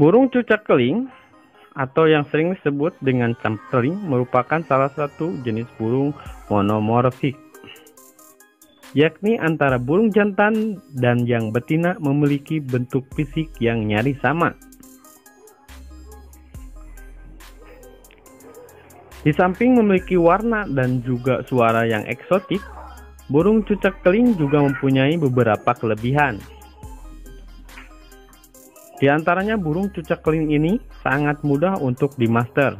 Burung cucak keling atau yang sering disebut dengan cempeling merupakan salah satu jenis burung monomorfik yakni antara burung jantan dan yang betina memiliki bentuk fisik yang nyaris sama. Di samping memiliki warna dan juga suara yang eksotik, burung cucak keling juga mempunyai beberapa kelebihan, di antaranya burung cucak keling ini sangat mudah untuk dimaster.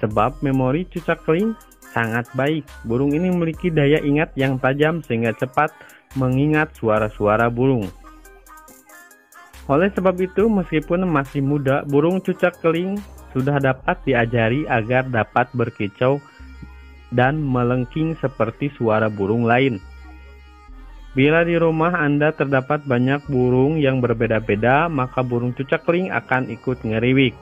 Sebab memori cucak keling sangat baik. Burung ini memiliki daya ingat yang tajam sehingga cepat mengingat suara-suara burung. Oleh sebab itu, meskipun masih muda, burung cucak keling sudah dapat diajari agar dapat berkicau dan melengking seperti suara burung lain. Bila di rumah Anda terdapat banyak burung yang berbeda-beda, maka burung cucakling akan ikut ngeriwik.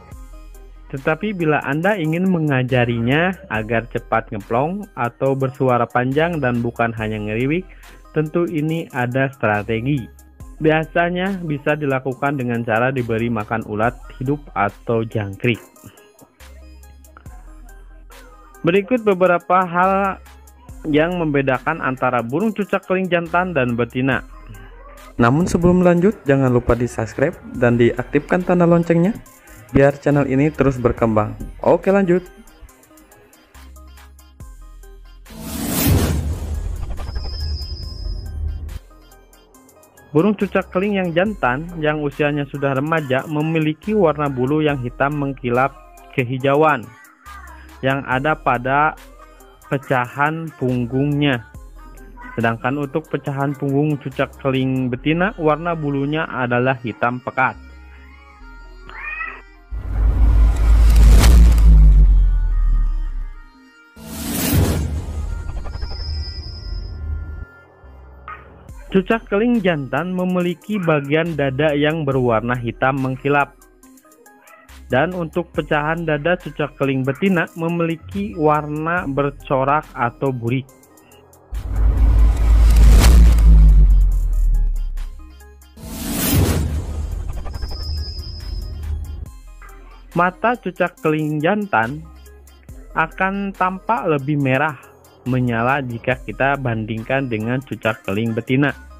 Tetapi bila Anda ingin mengajarinya agar cepat ngeplong atau bersuara panjang dan bukan hanya ngeriwik, tentu ini ada strategi. Biasanya bisa dilakukan dengan cara diberi makan ulat hidup atau jangkrik. Berikut beberapa hal yang membedakan antara burung cucak keling jantan dan betina. Namun sebelum lanjut, jangan lupa di subscribe dan diaktifkan tanda loncengnya, biar channel ini terus berkembang. Oke lanjut. Burung cucak keling yang jantan yang usianya sudah remaja memiliki warna bulu yang hitam mengkilap kehijauan yang ada pada pecahan punggungnya. Sedangkan untuk pecahan punggung cucak keling betina, warna bulunya adalah hitam pekat. Cucak keling jantan memiliki bagian dada yang berwarna hitam mengkilap dan untuk pecahan dada cucak keling betina memiliki warna bercorak atau burik. Mata cucak keling jantan akan tampak lebih merah menyala jika kita bandingkan dengan cucak keling betina.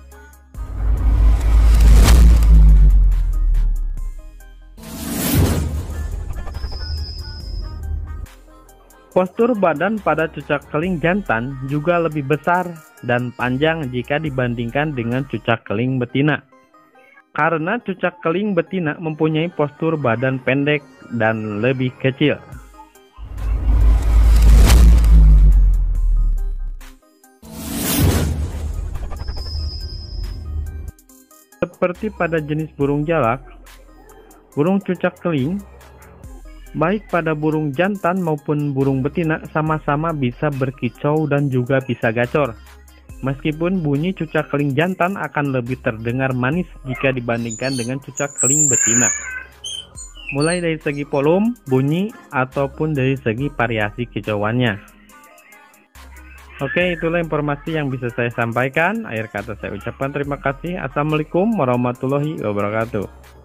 Postur badan pada cucak keling jantan juga lebih besar dan panjang jika dibandingkan dengan cucak keling betina. Karena cucak keling betina mempunyai postur badan pendek dan lebih kecil. Seperti pada jenis burung jalak, burung cucak keling baik pada burung jantan maupun burung betina sama-sama bisa berkicau dan juga bisa gacor. Meskipun bunyi cucak keling jantan akan lebih terdengar manis jika dibandingkan dengan cucak keling betina. Mulai dari segi volume, bunyi, ataupun dari segi variasi kicauannya. Oke, itulah informasi yang bisa saya sampaikan. Akhir kata saya ucapkan terima kasih. Assalamualaikum warahmatullahi wabarakatuh.